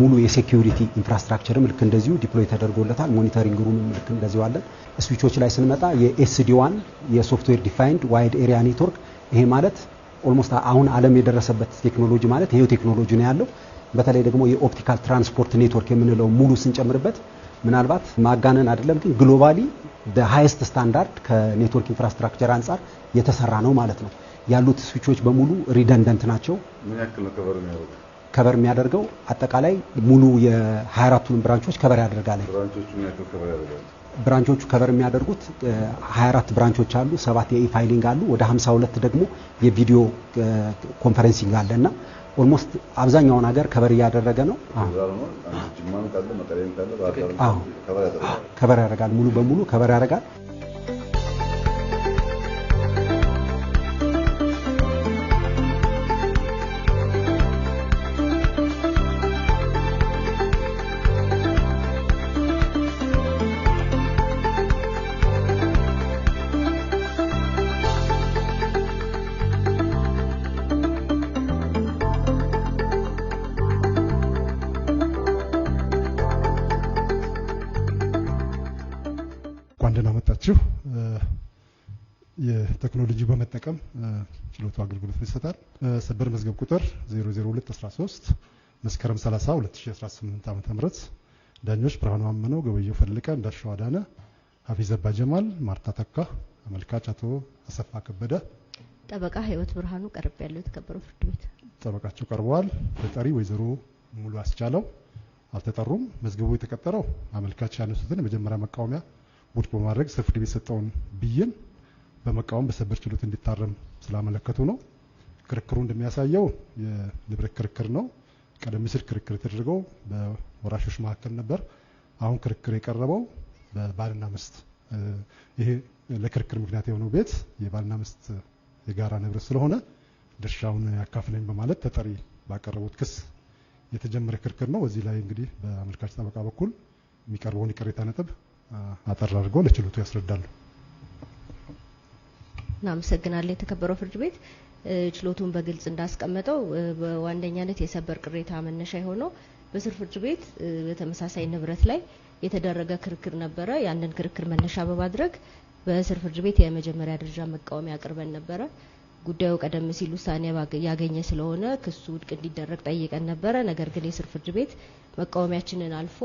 ሙሉ የሴኪዩሪቲ ኢንፍራስትራክቸርም ልክ እንደዚሁ ዲፕሎይ ተደርጎለታል። ሞኒተሪንግ ሩምም ልክ እንደዚሁ አለን። ስዊቾች ላይ ስንመጣ የኤስዲ ዋን የሶፍትዌር ዲፋይንድ ዋይድ ኤሪያ ኔትወርክ ይሄ ማለት ኦልሞስት አሁን ዓለም የደረሰበት ቴክኖሎጂ ማለት ይሄው ቴክኖሎጂ ነው ያለው። በተለይ ደግሞ የኦፕቲካል ትራንስፖርት ኔትወርክ የምንለው ሙሉ ስንጨምርበት ምናልባት ማጋነን አይደለም፣ ግን ግሎባሊ ሃይስት ስታንዳርድ ከኔትወርክ ኢንፍራስትራክቸር አንጻር የተሰራ ነው ማለት ነው። ያሉት ስዊቾች በሙሉ ሪደንደንት ናቸው። ምን ያክል ነው ከበር የሚያደርገው አጠቃላይ ሙሉ የ24ቱን ብራንቾች ከበር ያደርጋል። ብራንቾቹ ከበር የሚያደርጉት 24 ብራንቾች አሉ። ሰባት የኢፋይሊንግ አሉ። ወደ 52 ደግሞ የቪዲዮ ኮንፈረንሲንግ አለ እና ኦልሞስት አብዛኛውን ሀገር ከበር እያደረገ ነው። ከበር ያደርጋል። ሙሉ በሙሉ ከበር ያደርጋል። ቴክኖሎጂ በመጠቀም ችሎቱ አገልግሎት ይሰጣል። ሰበር መዝገብ ቁጥር 00213 መስከረም 30 2018 ዓ ም ዳኞች ብርሃኑ አመነው፣ ገበየው ፈልቀ፣ እንዳሻው አዳነ፣ ሀፊዝ አባ ጀማል፣ ማርታ ተካ፣ አመልካች አቶ አሰፋ ከበደ፣ ጠበቃ ህይወት ብርሃኑ ቀርብ ያለው የተከበረው ፍርድ ቤት ጠበቃቸው ቀርበዋል። ተጠሪ ወይዘሮ ሙሉ አስቻለው አልተጠሩም። መዝገቡ የተቀጠረው አመልካች ያነሱትን የመጀመሪያ መቃወሚያ ውድቅ በማድረግ ስር ፍርድ ቤት ብይን በመቃወም በሰበር ችሎት እንዲታረም ስላመለከቱ ነው። ክርክሩ እንደሚያሳየው የንብረት ክርክር ነው። ቀደም ሲል ክርክር የተደረገው በወራሾች መካከል ነበር። አሁን ክርክር የቀረበው በባልና ምስት ይሄ ለክርክር ምክንያት የሆነው ቤት የባልና ምስት የጋራ ንብረት ስለሆነ ድርሻውን ያካፍለኝ በማለት ተጠሪ ባቀረቡት ክስ የተጀመረ ክርክር ነው። በዚህ ላይ እንግዲህ በአመልካች ጠበቃ በኩል የሚቀርበውን የቅሬታ ነጥብ አጠር አድርገው ለችሎቱ ያስረዳሉ። እናመሰግናለን። የተከበረው ፍርድ ቤት ችሎቱን በግልጽ እንዳስቀመጠው በዋነኛነት የሰበር ቅሬታ መነሻ የሆነው በስር ፍርድ ቤት በተመሳሳይ ንብረት ላይ የተደረገ ክርክር ነበረ። ያንን ክርክር መነሻ በማድረግ በስር ፍርድ ቤት የመጀመሪያ ደረጃ መቃወሚያ አቅርበን ነበረ። ጉዳዩ ቀደም ሲል ውሳኔ ያገኘ ስለሆነ ክሱ ውድቅ እንዲደረግ ጠይቀን ነበረ። ነገር ግን የስር ፍርድ ቤት መቃወሚያችንን አልፎ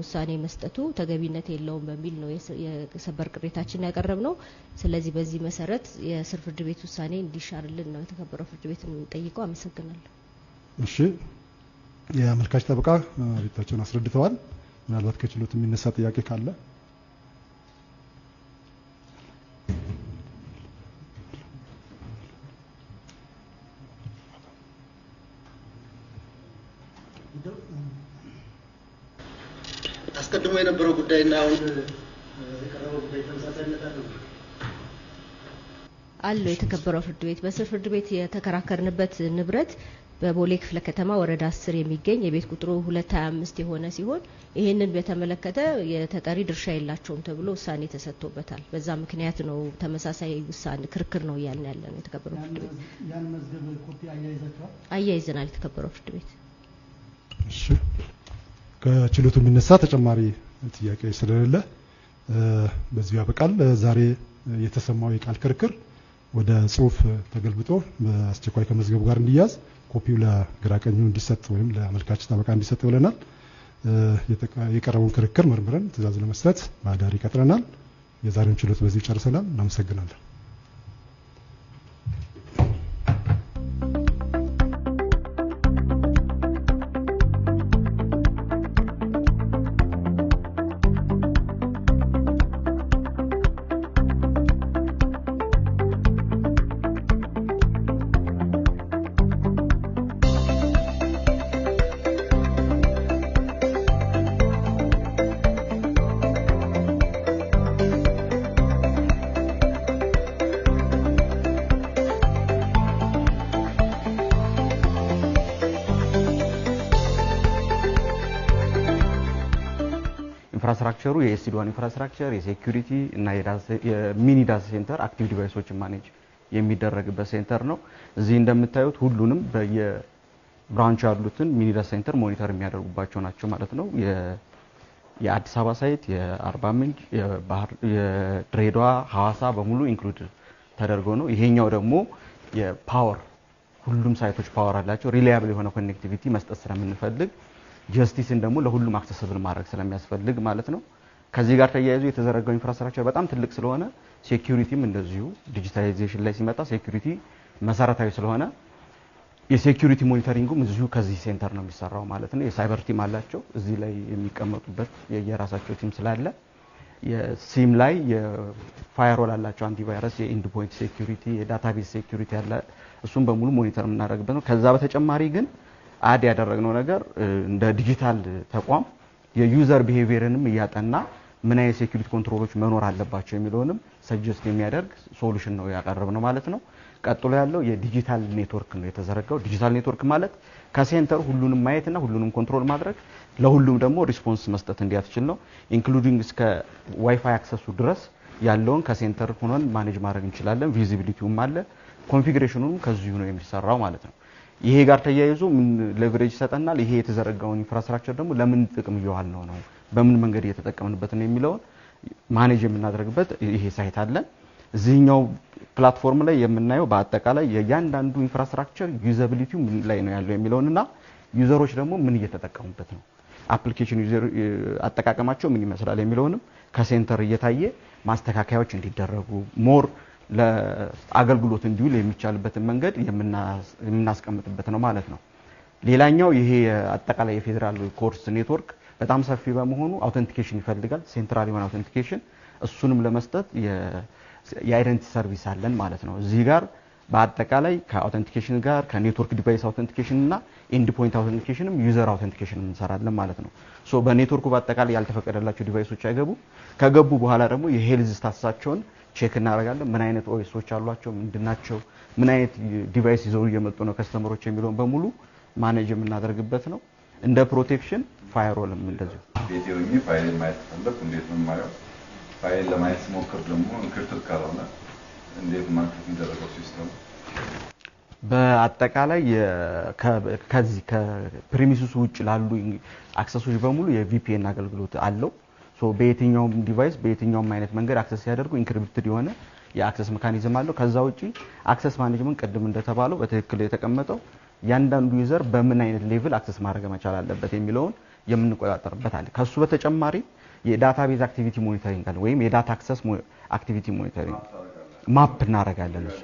ውሳኔ መስጠቱ ተገቢነት የለውም በሚል ነው የሰበር ቅሬታችን ያቀረብ ነው። ስለዚህ በዚህ መሰረት የስር ፍርድ ቤት ውሳኔ እንዲሻርልን ነው የተከበረው ፍርድ ቤት የምንጠይቀው። አመሰግናለሁ። እሺ፣ የአመልካች ጠበቃ ቤታቸውን አስረድተዋል። ምናልባት ከችሎት የሚነሳ ጥያቄ ካለ አስቀድሞ የነበረው ጉዳይና አሁን የቀረበው ጉዳይ ተመሳሳይነት አለው አለው። የተከበረው ፍርድ ቤት በስር ፍርድ ቤት የተከራከርንበት ንብረት በቦሌ ክፍለ ከተማ ወረዳ 10 የሚገኝ የቤት ቁጥሩ 225 የሆነ ሲሆን ይህንን በተመለከተ የተጠሪ ድርሻ የላቸውም ተብሎ ውሳኔ ተሰጥቶበታል። በዛ ምክንያት ነው ተመሳሳይ ውሳኔ ክርክር ነው እያልን ያለ ነው። የተከበረው ፍርድ ቤት ያን መዝገብ ኮፒ አያይዘናል። የተከበረው ፍርድ ቤት እሺ ከችሎቱ የሚነሳ ተጨማሪ ጥያቄ ስለሌለ በዚሁ ያበቃል። ዛሬ የተሰማው የቃል ክርክር ወደ ጽሁፍ ተገልብጦ በአስቸኳይ ከመዝገቡ ጋር እንዲያዝ ኮፒው ለግራቀኙ እንዲሰጥ ወይም ለአመልካች ጠበቃ እንዲሰጥ ብለናል። የቀረበውን ክርክር መርምረን ትዕዛዝ ለመስጠት ማዳሪ ቀጥረናል። የዛሬውን ችሎት በዚህ ጨርሰናል። እናመሰግናለን። ኢንፍራስትራክቸሩ የኤስሲዲዋን ኢንፍራስትራክቸር የሴኩሪቲ እና የሚኒ ዳታ ሴንተር አክቲቭ ዲቫይሶችን ማኔጅ የሚደረግበት ሴንተር ነው። እዚህ እንደምታዩት ሁሉንም በየብራንቹ ያሉትን ሚኒ ዳታ ሴንተር ሞኒተር የሚያደርጉባቸው ናቸው ማለት ነው። የአዲስ አበባ ሳይት፣ የአርባ ምንጭ፣ የድሬዳዋ፣ ሀዋሳ በሙሉ ኢንክሉድ ተደርጎ ነው። ይሄኛው ደግሞ የፓወር ሁሉም ሳይቶች ፓወር አላቸው። ሪላያብል የሆነ ኮኔክቲቪቲ መስጠት ስለምንፈልግ ጀስቲስን ደግሞ ለሁሉም አክሰስብል ማድረግ ስለሚያስፈልግ ማለት ነው። ከዚህ ጋር ተያይዞ የተዘረጋው ኢንፍራስትራክቸር በጣም ትልቅ ስለሆነ ሴኩሪቲም እንደዚሁ ዲጂታላይዜሽን ላይ ሲመጣ ሴኩሪቲ መሰረታዊ ስለሆነ የሴኩሪቲ ሞኒተሪንጉም እዚሁ ከዚህ ሴንተር ነው የሚሰራው ማለት ነው። የሳይበር ቲም አላቸው እዚህ ላይ የሚቀመጡበት የየራሳቸው ቲም ስላለ የሲም ላይ የፋየርዋል አላቸው፣ አንቲቫይረስ፣ የኢንድ ፖይንት ሴኪሪቲ፣ የዳታቤዝ ሴኩሪቲ አለ። እሱም በሙሉ ሞኒተር የምናደርግበት ነው። ከዛ በተጨማሪ ግን አድ ያደረግነው ነገር እንደ ዲጂታል ተቋም የዩዘር ቢሄቪየርንም እያጠና ምን አይነት ሴኩሪቲ ኮንትሮሎች መኖር አለባቸው የሚለውንም ሰጀስት የሚያደርግ ሶሉሽን ነው ነው ማለት ነው። ቀጥሎ ያለው የዲጂታል ኔትወርክ ነው የተዘረጋው። ዲጂታል ኔትወርክ ማለት ከሴንተር ሁሉንም ማየትና ሁሉንም ኮንትሮል ማድረግ ለሁሉም ደግሞ ሪስፖንስ መስጠት እንዲያስችል ነው። ኢንክሉዲንግ እስከ ዋይፋይ አክሰሱ ድረስ ያለውን ከሴንተር ሆነን ማኔጅ ማድረግ እንችላለን። ቪዚቢሊቲውም አለ፣ ኮንፊግሬሽኑንም ከዚሁ ነው የሚሰራው ማለት ነው። ይሄ ጋር ተያይዞ ምን ሌቨሬጅ ይሰጠናል፣ ይሄ የተዘረጋውን ኢንፍራስትራክቸር ደግሞ ለምን ጥቅም እየዋል ነው ነው በምን መንገድ እየተጠቀምንበት ነው የሚለውን ማኔጅ የምናደርግበት ይሄ ሳይት አለን። እዚህኛው ፕላትፎርም ላይ የምናየው በአጠቃላይ የእያንዳንዱ ኢንፍራስትራክቸር ዩዘብሊቲው ምን ላይ ነው ያለው የሚለውንና ዩዘሮች ደግሞ ምን እየተጠቀሙበት ነው አፕሊኬሽን ዩዘር አጠቃቀማቸው ምን ይመስላል የሚለውንም ከሴንተር እየታየ ማስተካከያዎች እንዲደረጉ ሞር ለአገልግሎት እንዲውል የሚቻልበትን መንገድ የምናስቀምጥበት ነው ማለት ነው። ሌላኛው ይሄ አጠቃላይ የፌዴራል ኮርስ ኔትወርክ በጣም ሰፊ በመሆኑ አውተንቲኬሽን ይፈልጋል። ሴንትራል የሆነ አውተንቲኬሽን እሱንም ለመስጠት የአይደንቲቲ ሰርቪስ አለን ማለት ነው። እዚህ ጋር በአጠቃላይ ከአውተንቲኬሽን ጋር ከኔትወርክ ዲቫይስ አውተንቲኬሽን እና ኤንድ ፖይንት አውተንቲኬሽንም ዩዘር አውተንቲኬሽን እንሰራለን ማለት ነው። በኔትወርኩ በአጠቃላይ ያልተፈቀደላቸው ዲቫይሶች አይገቡ። ከገቡ በኋላ ደግሞ የሄልዝ ስታትሳቸውን ቼክ እናደርጋለን። ምን አይነት ኦኤሶች አሏቸው፣ ምንድናቸው፣ ምን አይነት ዲቫይስ ይዘው እየመጡ ነው ከስተመሮች የሚለውን በሙሉ ማኔጅ የምናደርግበት ነው። እንደ ፕሮቴክሽን ፋይሮልም እንደዚሁ ቤቴ ሆኜ ፋይል ማየት ፈለግ እንዴት ነው የማየው? ፋይል ለማየት ስሞክር ደግሞ እንክርትት ካልሆነ እንዴት ማክት የሚደረገው ሲስተሙ በአጠቃላይ ከዚህ ከፕሪሚሲስ ውጭ ላሉ አክሰሶች በሙሉ የቪፒኤን አገልግሎት አለው። በየትኛውም ዲቫይስ በየትኛውም አይነት መንገድ አክሰስ ሲያደርጉ ኢንክሪፕትድ የሆነ የአክሰስ መካኒዝም አለው። ከዛ ውጪ አክሰስ ማኔጅመንት ቅድም እንደተባለው በትክክል የተቀመጠው ያንዳንዱ ዩዘር በምን አይነት ሌቭል አክሰስ ማድረግ መቻል አለበት የሚለውን የምንቆጣጠርበት አለ። ከሱ በተጨማሪ የዳታቤዝ አክቲቪቲ ሞኒተሪንግ አለ ወይም የዳታ አክሰስ አክቲቪቲ ሞኒተሪንግ ማፕ እናደርጋለን። እሱ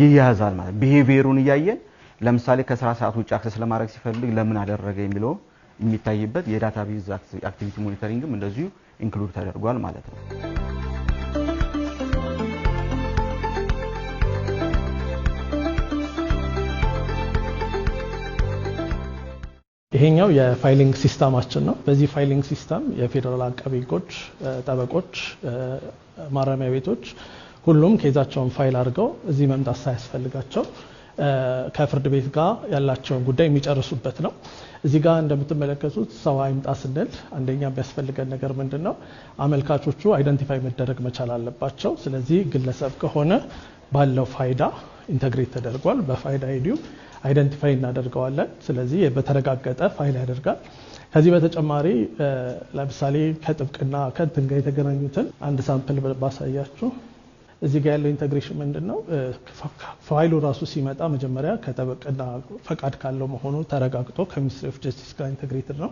ይያዛል ማለት ቢሄቪየሩን እያየን ለምሳሌ ከስራ ሰዓት ውጭ አክሰስ ለማድረግ ሲፈልግ ለምን አደረገ የሚለውን የሚታይበት የዳታ ቤዝ አክቲቪቲ ሞኒተሪንግም እንደዚሁ ኢንክሉድ ተደርጓል ማለት ነው። ይሄኛው የፋይሊንግ ሲስተማችን ነው። በዚህ ፋይሊንግ ሲስተም የፌዴራል አቃቤ ሕጎች፣ ጠበቆች፣ ማረሚያ ቤቶች ሁሉም ኬዛቸውን ፋይል አድርገው እዚህ መምጣት ሳያስፈልጋቸው ከፍርድ ቤት ጋር ያላቸውን ጉዳይ የሚጨርሱበት ነው። እዚህ ጋር እንደምትመለከቱት ሰው አይምጣ ስንል አንደኛ የሚያስፈልገን ነገር ምንድን ነው? አመልካቾቹ አይደንቲፋይ መደረግ መቻል አለባቸው። ስለዚህ ግለሰብ ከሆነ ባለው ፋይዳ ኢንተግሬት ተደርጓል። በፋይዳ ሄዲዩ አይደንቲፋይ እናደርገዋለን። ስለዚህ በተረጋገጠ ፋይል ያደርጋል። ከዚህ በተጨማሪ ለምሳሌ ከጥብቅና ከእንትን ጋር የተገናኙትን አንድ ሳምፕል ባሳያችሁ እዚህ ጋር ያለው ኢንተግሬሽን ምንድን ነው? ፋይሉ ራሱ ሲመጣ መጀመሪያ ከጠበቅና ፈቃድ ካለው መሆኑ ተረጋግጦ ከሚኒስትሪ ኦፍ ጀስቲስ ጋር ኢንተግሬትድ ነው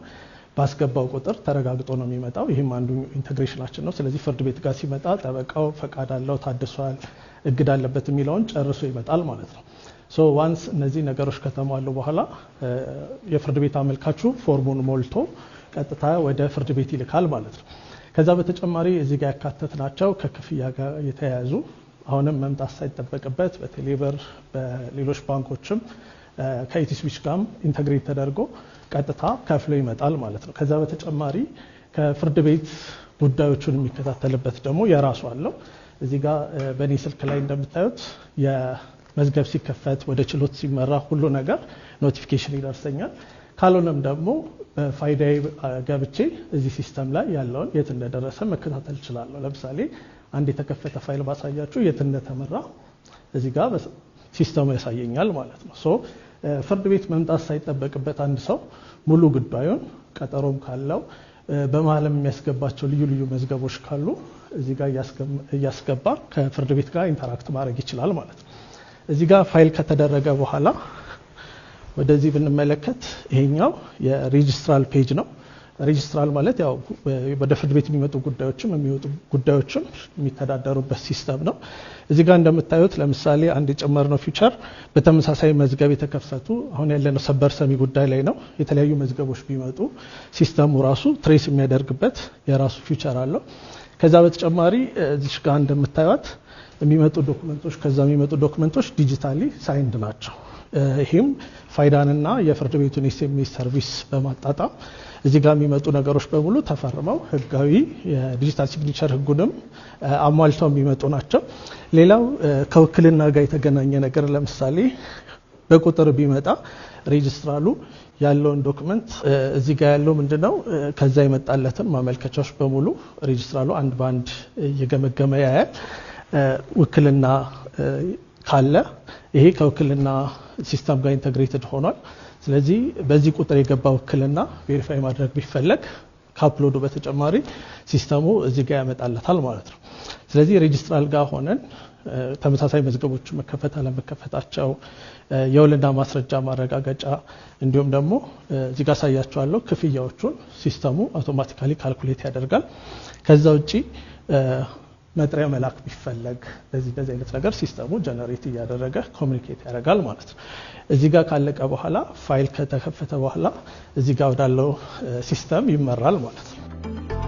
ባስገባው ቁጥር ተረጋግጦ ነው የሚመጣው። ይህም አንዱ ኢንተግሬሽናችን ነው። ስለዚህ ፍርድ ቤት ጋር ሲመጣ ጠበቃው ፈቃድ አለው፣ ታድሷል፣ እግድ አለበት የሚለውን ጨርሶ ይመጣል ማለት ነው። ሶ ዋንስ እነዚህ ነገሮች ከተሟሉ በኋላ የፍርድ ቤት አመልካቹ ፎርሙን ሞልቶ ቀጥታ ወደ ፍርድ ቤት ይልካል ማለት ነው። ከዛ በተጨማሪ እዚህ ጋር ያካተት ናቸው ከክፍያ ጋር የተያያዙ አሁንም መምጣት ሳይጠበቅበት በቴሌብር በሌሎች ባንኮችም ከኢቲስዊች ጋርም ኢንተግሬት ተደርጎ ቀጥታ ከፍሎ ይመጣል ማለት ነው። ከዛ በተጨማሪ ከፍርድ ቤት ጉዳዮቹን የሚከታተልበት ደግሞ የራሱ አለው። እዚህ ጋር በእኔ ስልክ ላይ እንደምታዩት የመዝገብ ሲከፈት፣ ወደ ችሎት ሲመራ ሁሉ ነገር ኖቲፊኬሽን ይደርሰኛል። ካልሆነም ደግሞ በፋይዳ ገብቼ እዚህ ሲስተም ላይ ያለውን የት እንደደረሰ መከታተል እችላለሁ። ለምሳሌ አንድ የተከፈተ ፋይል ባሳያችሁ የት እንደተመራ እዚህ ጋር ሲስተሙ ያሳየኛል ማለት ነው። ሶ ፍርድ ቤት መምጣት ሳይጠበቅበት አንድ ሰው ሙሉ ጉዳዩን ቀጠሮም ካለው በመሀልም የሚያስገባቸው ልዩ ልዩ መዝገቦች ካሉ እዚህ ጋር እያስገባ ከፍርድ ቤት ጋር ኢንተራክት ማድረግ ይችላል ማለት ነው። እዚህ ጋር ፋይል ከተደረገ በኋላ ወደዚህ ብንመለከት ይሄኛው የሬጅስትራል ፔጅ ነው። ሬጅስትራል ማለት ያው ወደ ፍርድ ቤት የሚመጡ ጉዳዮችም የሚወጡ ጉዳዮችም የሚተዳደሩበት ሲስተም ነው። እዚህ ጋር እንደምታዩት ለምሳሌ አንድ የጨመርነው ፊውቸር በተመሳሳይ መዝገብ የተከፈቱ አሁን ያለነው ሰበር ሰሚ ጉዳይ ላይ ነው። የተለያዩ መዝገቦች ቢመጡ ሲስተሙ ራሱ ትሬስ የሚያደርግበት የራሱ ፊውቸር አለው። ከዛ በተጨማሪ እዚህ ጋር እንደምታዩት የሚመጡ ዶክመንቶች ከዛ የሚመጡ ዶክመንቶች ዲጂታሊ ሳይንድ ናቸው። ይህም ፋይዳንና የፍርድ ቤቱን ኤስኤምኤስ ሰርቪስ በማጣጣም እዚህ ጋር የሚመጡ ነገሮች በሙሉ ተፈርመው ህጋዊ የዲጂታል ሲግኒቸር ህጉንም አሟልተው የሚመጡ ናቸው። ሌላው ከውክልና ጋር የተገናኘ ነገር ለምሳሌ በቁጥር ቢመጣ ሬጅስትራሉ ያለውን ዶክመንት እዚህ ጋር ያለው ምንድን ነው? ከዛ የመጣለትን ማመልከቻዎች በሙሉ ሬጅስትራሉ አንድ በአንድ እየገመገመ ያያል። ውክልና ካለ ይሄ ከውክልና ሲስተም ጋር ኢንተግሬትድ ሆኗል። ስለዚህ በዚህ ቁጥር የገባ ውክልና ቬሪፋይ ማድረግ ቢፈለግ ከአፕሎዱ በተጨማሪ ሲስተሙ እዚህ ጋር ያመጣለታል ማለት ነው። ስለዚህ ሬጅስትራል ጋር ሆነን ተመሳሳይ መዝገቦች መከፈት አለመከፈታቸው የወለዳ ማስረጃ ማረጋገጫ እንዲሁም ደግሞ እዚህ ጋር አሳያቸዋለሁ ክፍያዎቹን ሲስተሙ አውቶማቲካሊ ካልኩሌት ያደርጋል። ከዛ ውጪ መጥሪያ መላክ ቢፈለግ ለዚህ ለዚህ አይነት ነገር ሲስተሙ ጀነሬት እያደረገ ኮሚኒኬት ያደርጋል ማለት ነው። እዚህ ጋር ካለቀ በኋላ ፋይል ከተከፈተ በኋላ እዚህ ጋር ወዳለው ሲስተም ይመራል ማለት ነው።